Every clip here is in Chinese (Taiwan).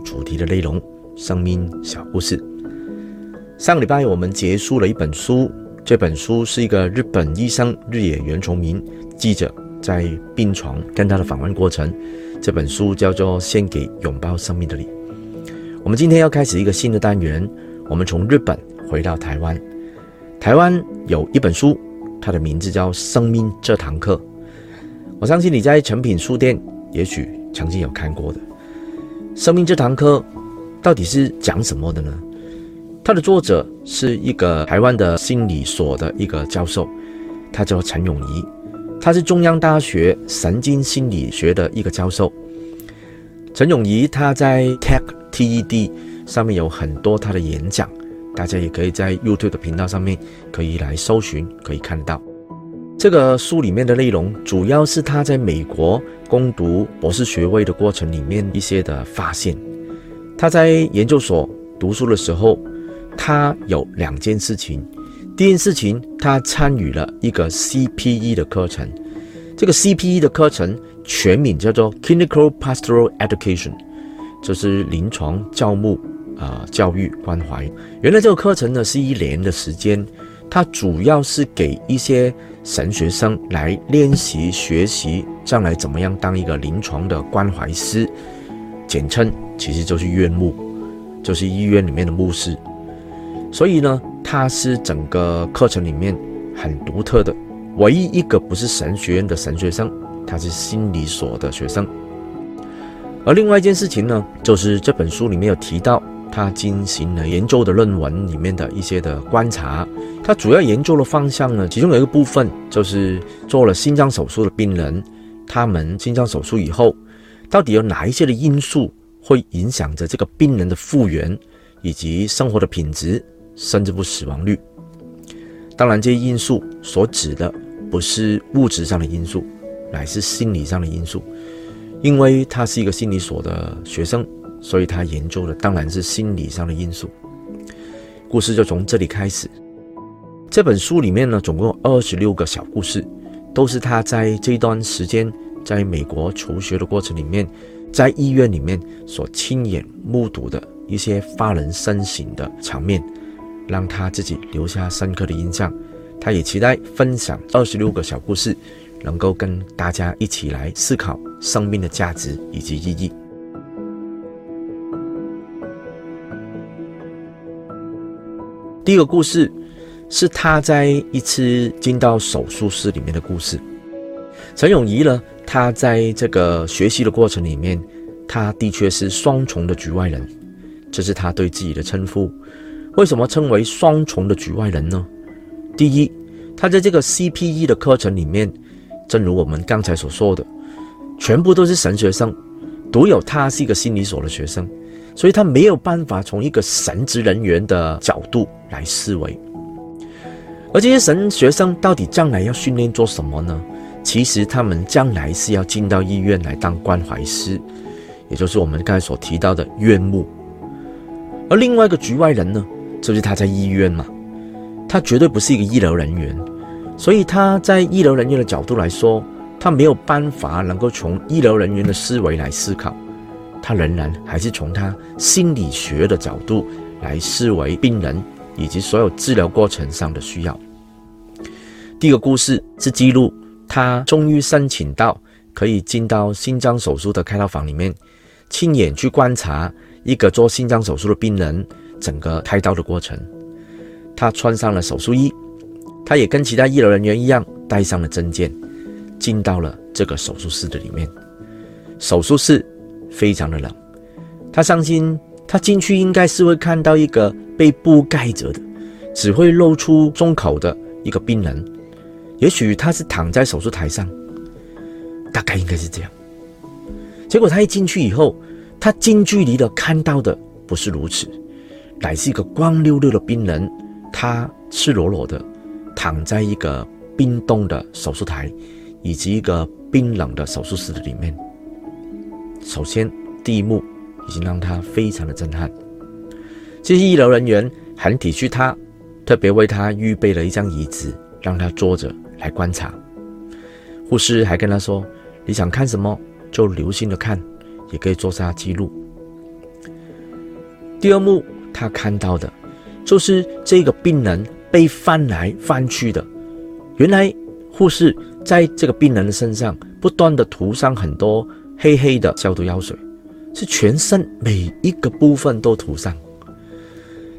主題的內容，生命小故事。上禮拜我們結束了一本書，這本書是一個日本醫生日野原重明記者在病床跟他的訪問過程。這本書叫做《獻給擁抱生命的你》。我們今天要開始一個新的單元，我們從日本回到台灣。台灣有一本書，它的名字叫《生命這堂課》，我相信你在誠品書店也許曾經有看過的。生命這堂課，到底是講什麼的呢？他的作者是一個台灣的心理所的一個教授，他叫陳永儀，他是中央大學神經心理學的一個教授。陳永儀他在 Tech TED 上面有很多他的演講，大家也可以在 YouTube 的頻道上面可以來搜尋，可以看到。這個書裡面的內容，主要是他在美國攻讀博士學位的過程裡面一些的發現。他在研究所讀書的時候，他有兩件事情。第一件事情，他參與了一個 CPE 的課程。這個 CPE 的課程全名叫做 Clinical Pastoral Education，就是臨床教牧啊、呃、教育關懷。原來這個課程呢，是一年的時間。他主要是給一些神學生來練習學習，將來怎麼樣當一個臨床的關懷師，簡稱其實就是院牧，就是醫院裡面的牧師。所以呢，他是整個課程裡面很獨特的，唯一一個不是神學院的神學生，他是心理所的學生。而另外一件事情呢，就是這本書裡面有提到，他進行了研究的論文裡面的一些的觀察，他主要研究的方向呢，其中有一個部分就是做了心臟手術的病人，他們心臟手術以後，到底有哪一些的因素會影響着這個病人的復原以及生活的品質，甚至乎死亡率。當然，這些因素所指的不是物質上的因素，乃是心理上的因素，因為他是一個心理所的學生。所以他研究的當然是心理上的因素。故事就從這裡開始。這本書裡面呢，總共二十六個小故事，都是他在這段時間在美國求學的過程裡面，在醫院裡面所親眼目睹的一些發人深省的場面，讓他自己留下深刻的印象。他也期待分享二十六個小故事，能夠跟大家一起來思考生命的價值以及意義。第一個故事是他在一次進到手術室裡面的故事。陳永儀呢，他在這個學習的過程裡面，他的確是雙重的局外人，這是他對自己的稱呼。為什麼稱為雙重的局外人呢？第一，他在這個 CPE 的課程裡面，正如我們剛才所說的，全部都是神學生，獨有他是一個心理所的學生。所以他沒有辦法從一個神職人員的角度來思維，而這些神學生到底將來要訓練做什麼呢？其實他們將來是要進到醫院來當關懷師，也就是我們剛才所提到的院牧。而另外一個局外人呢，就是他在醫院嘛，他絕對不是一個醫療人員，所以他在醫療人員的角度來說，他沒有辦法能夠從醫療人員的思維來思考。他仍然還是從他心理學的角度來思維病人以及所有治療過程上的需要。第一個故事是記錄他終於申請到可以進到心臟手術的開刀房裡面，親眼去觀察一個做心臟手術的病人整個開刀的過程。他穿上了手術衣，他也跟其他醫療人員一樣帶上了證件，進到了這個手術室的裡面。手術室。非常的冷，他相信他進去應該是會看到一個被布蓋着的，只會露出胸口的一個病人，也許他是躺在手術台上，大概應該是這樣。結果他一進去以後，他近距離的看到的不是如此，乃是一個光溜溜的病人，他赤裸裸的躺在一個冰凍的手術台，以及一個冰冷的手術室的裡面。首先，第一幕已經讓他非常的震撼。這些醫療人員很體恤他，特別為他預備了一張椅子，讓他坐着來觀察。護士還跟他說：“你想看什麼就留心的看，也可以做下記錄。”第二幕他看到的就是這個病人被翻來翻去的。原來護士在這個病人的身上不斷的塗上很多。黑黑的消毒藥水，是全身每一個部分都塗上。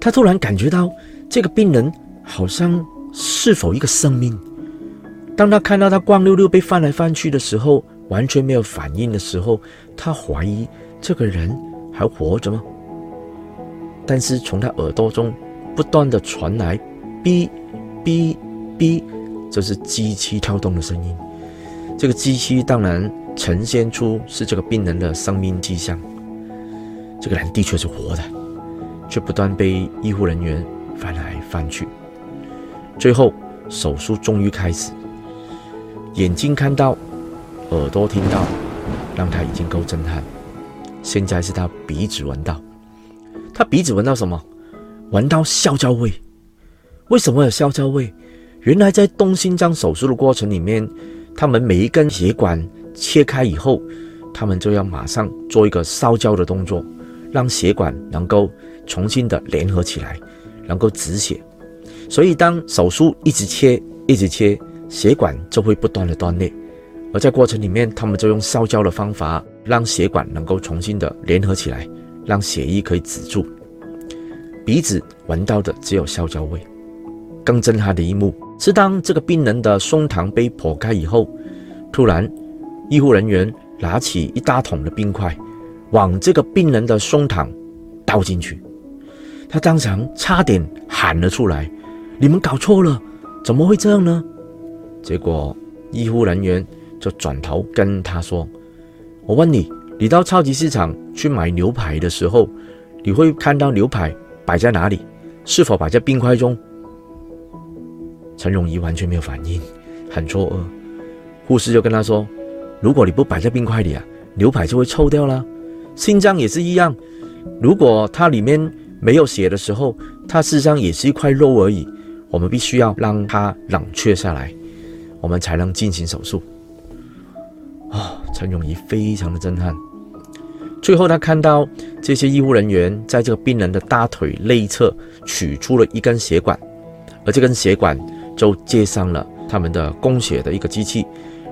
他突然感覺到這個病人好像是否一個生命。當他看到他光溜溜被翻來翻去的時候，完全沒有反應的時候，他懷疑這個人還活着嗎？但是從他耳朵中不斷的傳來“嗶嗶嗶”，這是機器跳動的聲音。這個機器當然。呈現出是這個病人的生命跡象，這個人的確是活的，卻不斷被醫護人員翻來翻去。最後手術終於開始，眼睛看到，耳朵聽到，讓他已經夠震撼。現在是他鼻子聞到，他鼻子聞到什麼？聞到燒焦味。為什麼有燒焦味？原來在動心臟手術的過程裡面，他們每一根血管。切開以後，他們就要馬上做一個燒焦的動作，讓血管能夠重新的聯合起來，能夠止血。所以，當手術一直切、一直切，血管就會不斷的斷裂。而在過程裡面，他們就用燒焦的方法，讓血管能夠重新的聯合起來，讓血液可以止住。鼻子聞到的只有燒焦味。更震撼的一幕是，當這個病人的胸膛被剖開以後，突然。醫護人員拿起一大桶的冰塊，往這個病人的胸膛倒進去。他當場差點喊了出來：“你們搞錯了，怎麼會這樣呢？”結果醫護人員就轉頭跟他說：“我問你，你到超級市場去買牛排的時候，你會看到牛排擺在哪裡？是否擺在冰塊中？”陳永儀完全沒有反應，很錯愕。護士就跟他說。如果你不擺在冰塊裡啊，牛排就會臭掉了。心臟也是一樣，如果它裡面沒有血的時候，它實際上也是一塊肉而已。我們必須要讓它冷卻下來，我們才能進行手術。啊、哦，陳永儀非常的震撼。最後，他看到這些醫護人員在這個病人的大腿內側取出了一根血管，而這根血管就接上了他們的供血的一個機器。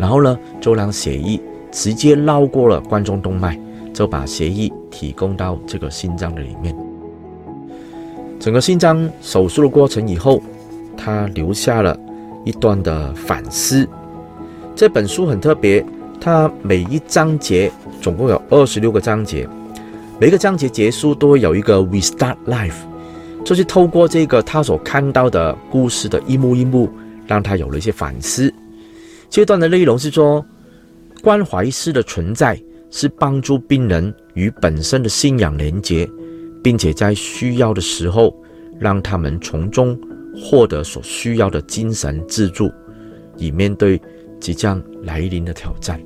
然後呢，就讓血液直接繞過了冠狀動脈，就把血液提供到這個心臟的裡面。整個心臟手術的過程以後，他留下了一段的反思。這本書很特別，它每一章節總共有二十六個章節，每個章節結束都會有一個 We Start Life，就是透過這個他所看到的故事的一幕一幕，讓他有了一些反思。階段的內容是說，關懷師的存在是幫助病人與本身的信仰連結，並且在需要的時候，讓他們從中獲得所需要的精神支柱，以面對即將來臨的挑戰。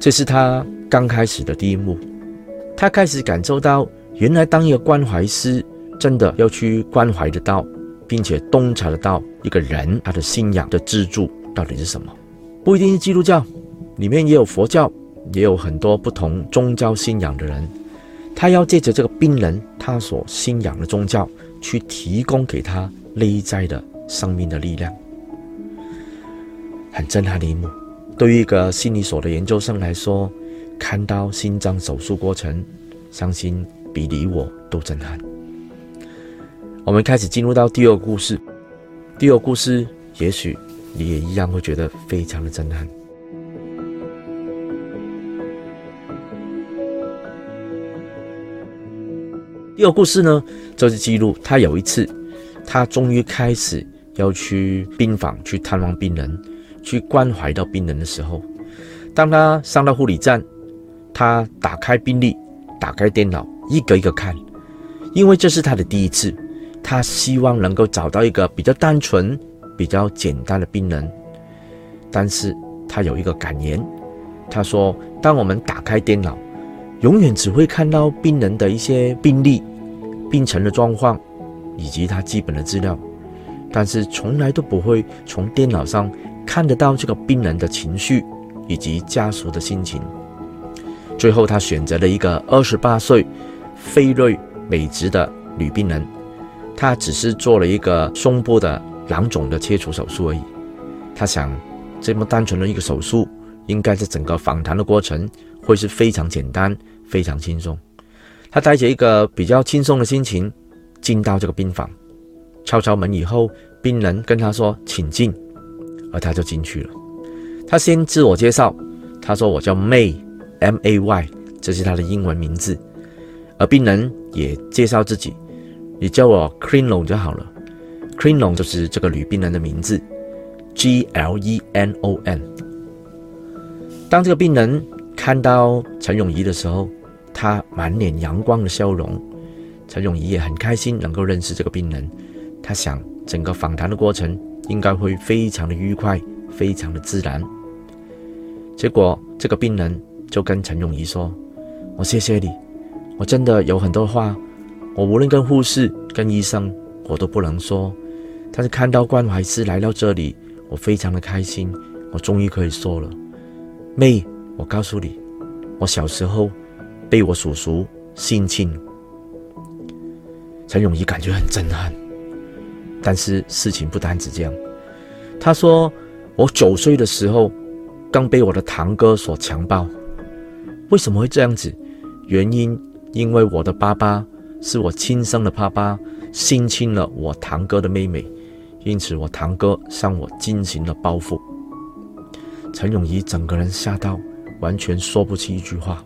這是他剛開始的第一幕，他開始感受到，原來當一個關懷師，真的要去關懷的道。並且洞察，得到一個人他的信仰的支柱到底是什麼，不一定是基督教，裡面也有佛教，也有很多不同宗教信仰的人。他要借着這個病人他所信仰的宗教去提供給他內在的生命的力量。很震撼的一幕，對於一個心理所的研究生來說，看到心臟手術過程，相信比你我都震撼。我們開始進入到第二個故事。第二個故事，也許你也一樣會覺得非常的震撼。第二個故事呢，就是記錄他有一次，他終於開始要去病房去探望病人，去關懷到病人的時候，當他上到護理站，他打開病歷，打開電腦，一個一個看，因為這是他的第一次。他希望能夠找到一個比較單純、比較簡單的病人，但是他有一個感言，他說：“當我們打開電腦，永遠只會看到病人的一些病歷、病程的狀況，以及他基本的資料，但是從來都不會從電腦上看得到這個病人的情緒以及家屬的心情。”最後，他選擇了一個二十八歲、非裔美籍的女病人。他只是做了一個胸部的囊腫的切除手術而已。他想，這麼單純的一個手術，應該是整個訪談的過程會是非常簡單、非常輕鬆。他帶着一個比較輕鬆的心情進到這個病房，敲敲門以後，病人跟他說：“請進。”而他就進去了。他先自我介紹，他說：“我叫 May，M A Y，這是他的英文名字。”而病人也介紹自己。你叫我 Glenon 就好了 Glenon 就是這個女病人的名字。G L E N O N。當這個病人看到陳永儀的時候，他滿臉陽光的笑容。陳永儀也很開心能夠認識這個病人，他想整個訪談的過程應該會非常的愉快，非常的自然。結果這個病人就跟陳永儀說：“我謝謝你，我真的有很多話。”我無論跟護士、跟醫生，我都不能說。但是看到關懷師來到這裡，我非常的開心。我終於可以說了，妹，我告訴你，我小時候被我叔叔性侵，陳永儀感覺很震撼。但是事情不單止這樣，他說我九歲的時候，剛被我的堂哥所強暴。為什麼會這樣子？原因因為我的爸爸。是我親生的爸爸，性侵了我堂哥的妹妹，因此我堂哥向我進行了報復。陳永儀整個人嚇到，完全說不起一句話。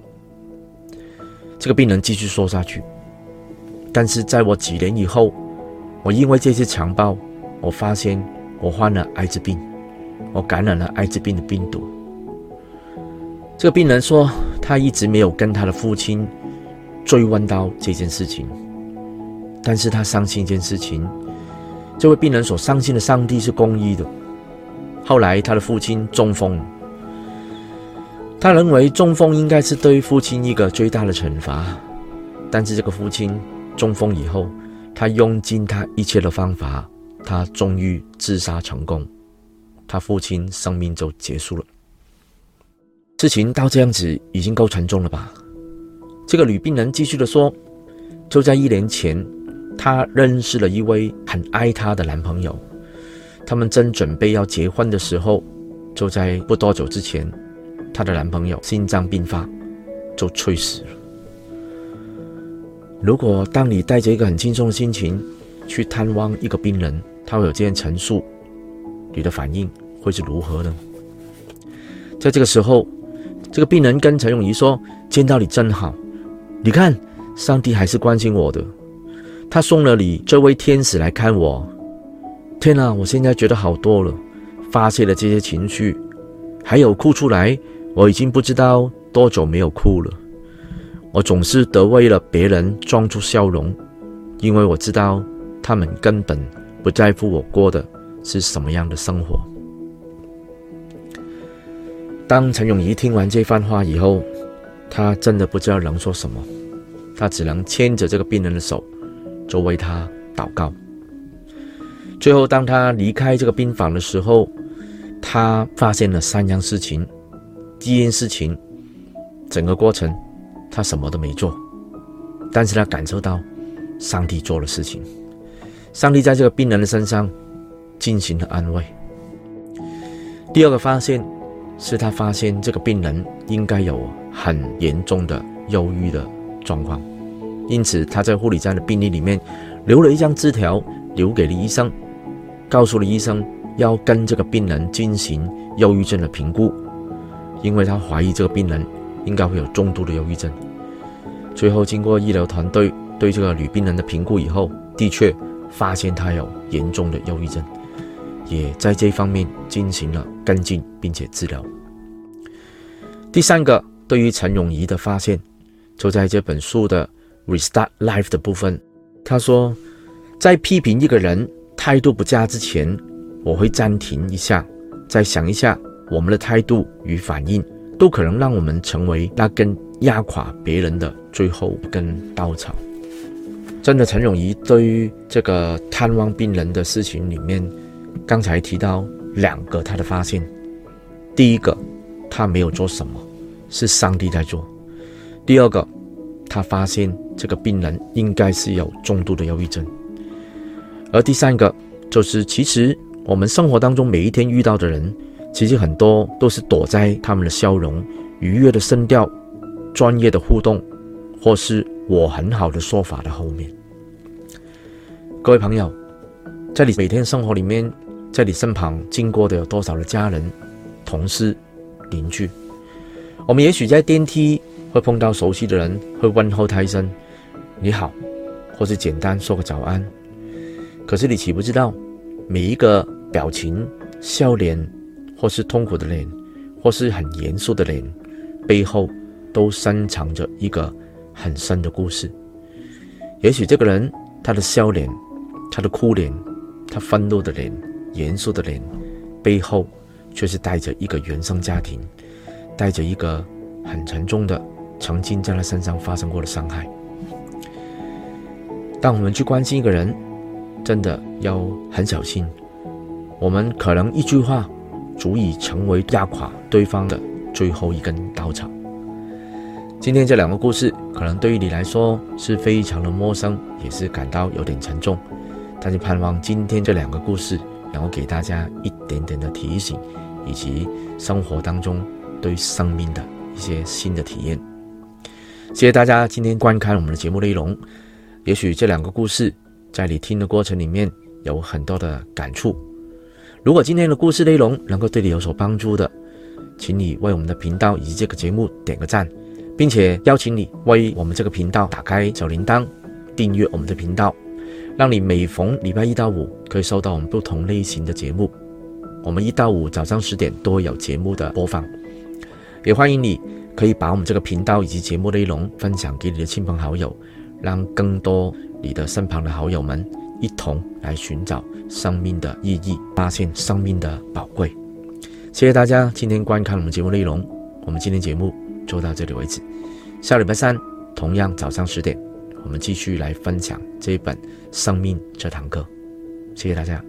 這個病人繼續說下去，但是在我幾年以後，我因為這次強暴，我發現我患了艾滋病，我感染了艾滋病的病毒。這個病人說，他一直沒有跟他的父親。追問到這件事情，但是他相信一件事情，這位病人所相信的，上帝是公義的。後來他的父親中風，他認為中風應該是對父親一個最大的懲罰。但是這個父親中風以後，他用盡他一切的方法，他終於自殺成功，他父親生命就結束了。事情到這樣子已經夠沉重了吧？這個女病人繼續地說：“就在一年前，她認識了一位很愛她的男朋友。他們正準備要結婚的時候，就在不多久之前，她的男朋友心臟病發，就猝死了。如果當你帶着一個很輕鬆的心情去探望一個病人，他會有這樣陳述，你的反應會是如何呢？在這個時候，這個病人跟陳永儀說：‘見到你真好。’”你看，上帝還是關心我的，他送了你這位天使來看我。天哪，我現在覺得好多了，發洩了這些情緒，還有哭出來，我已經不知道多久沒有哭了。我總是得為了別人裝出笑容，因為我知道他們根本不在乎我過的是什麼樣的生活。當陳永儀聽完這番話以後，他真的不知道能說什麼，他只能牽着這個病人的手，就為他禱告。最後，當他離開這個病房的時候，他發現了三樣事情：第一件事情，整個過程他什麼都沒做，但是他感受到上帝做了事情，上帝在這個病人的身上進行了安慰。第二個發現是他發現這個病人應該有。很嚴重的憂鬱的狀況，因此他在護理站的病歷裡面留了一張字條，留給了醫生，告訴了醫生要跟這個病人進行憂鬱症的評估，因為他懷疑這個病人應該會有重度的憂鬱症。最後經過醫療團隊對這個女病人的評估以後，的確發現她有嚴重的憂鬱症，也在這方面進行了跟進並且治療。第三個。對於陳永儀的發現，就在這本書的 “Restart Life” 的部分，他說：“在批評一個人態度不佳之前，我會暫停一下，再想一下，我們的態度與反應都可能讓我們成為那根壓垮別人的最後一根稻草。”真的，陳永儀對於這個探望病人的事情裡面，剛才提到兩個他的發現：第一個，他沒有做什麼。是上帝在做。第二個，他發現這個病人應該是有重度的憂鬱症。而第三個，就是其實我們生活當中每一天遇到的人，其實很多都是躲在他們的笑容、愉悅的聲調、專業的互動，或是我很好的說法的後面。各位朋友，在你每天生活裡面，在你身旁經過的有多少的家人、同事、鄰居？我們也許在電梯會碰到熟悉的人，會問候他一聲“你好”，或是簡單說個早安。可是你豈不知道，每一個表情、笑臉，或是痛苦的臉，或是很嚴肅的臉，背後都深藏着一個很深的故事。也許這個人，他的笑臉、他的哭臉、他憤怒的臉、嚴肅的臉，背後卻是帶着一個原生家庭。帶着一個很沉重的、曾經在他身上發生過的傷害。當我們去關心一個人，真的要很小心。我們可能一句話，足以成為壓垮對方的最後一根稻草。今天這兩個故事，可能對於你來說是非常的陌生，也是感到有點沉重。但是，盼望今天這兩個故事，然後給大家一點點的提醒，以及生活當中。對生命的一些新的體驗。謝謝大家今天觀看我們的節目內容。也許這兩個故事在你聽的過程裡面有很多的感觸。如果今天的故事內容能夠對你有所幫助的，請你為我們的頻道以及這個節目點個讚，並且邀請你為我們這個頻道打開小鈴鐺，訂閱我們的頻道，讓你每逢禮拜一到五可以收到我們不同類型的節目。我們一到五早上十點都有節目的播放。也歡迎你，可以把我們這個頻道以及節目內容分享給你的親朋好友，讓更多你的身旁的好友們一同來尋找生命的意義，發現生命的寶貴。謝謝大家今天觀看我們節目內容，我們今天節目就到這裡為止。下禮拜三同樣早上十點，我們繼續來分享這一本《生命》這堂課。謝謝大家。